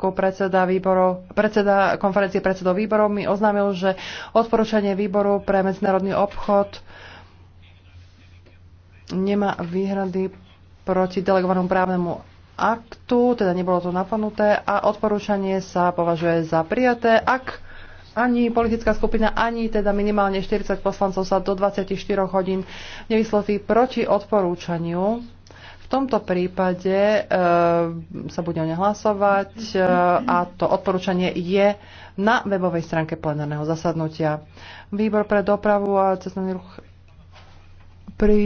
ako predseda, výborov, predseda konferencie predsedov výborov mi oznámil, že odporúčanie výboru pre medzinárodný obchod nemá výhrady proti delegovanému právnemu aktu, teda nebolo to napadnuté a odporúčanie sa považuje za prijaté, ak ani politická skupina, ani teda minimálne 40 poslancov sa do 24 hodín nevysloví proti odporúčaniu tomto prípade e, sa bude o ne hlasovať e, a to odporúčanie je na webovej stránke plenárneho zasadnutia. Výbor pre dopravu a cestovný ruch pri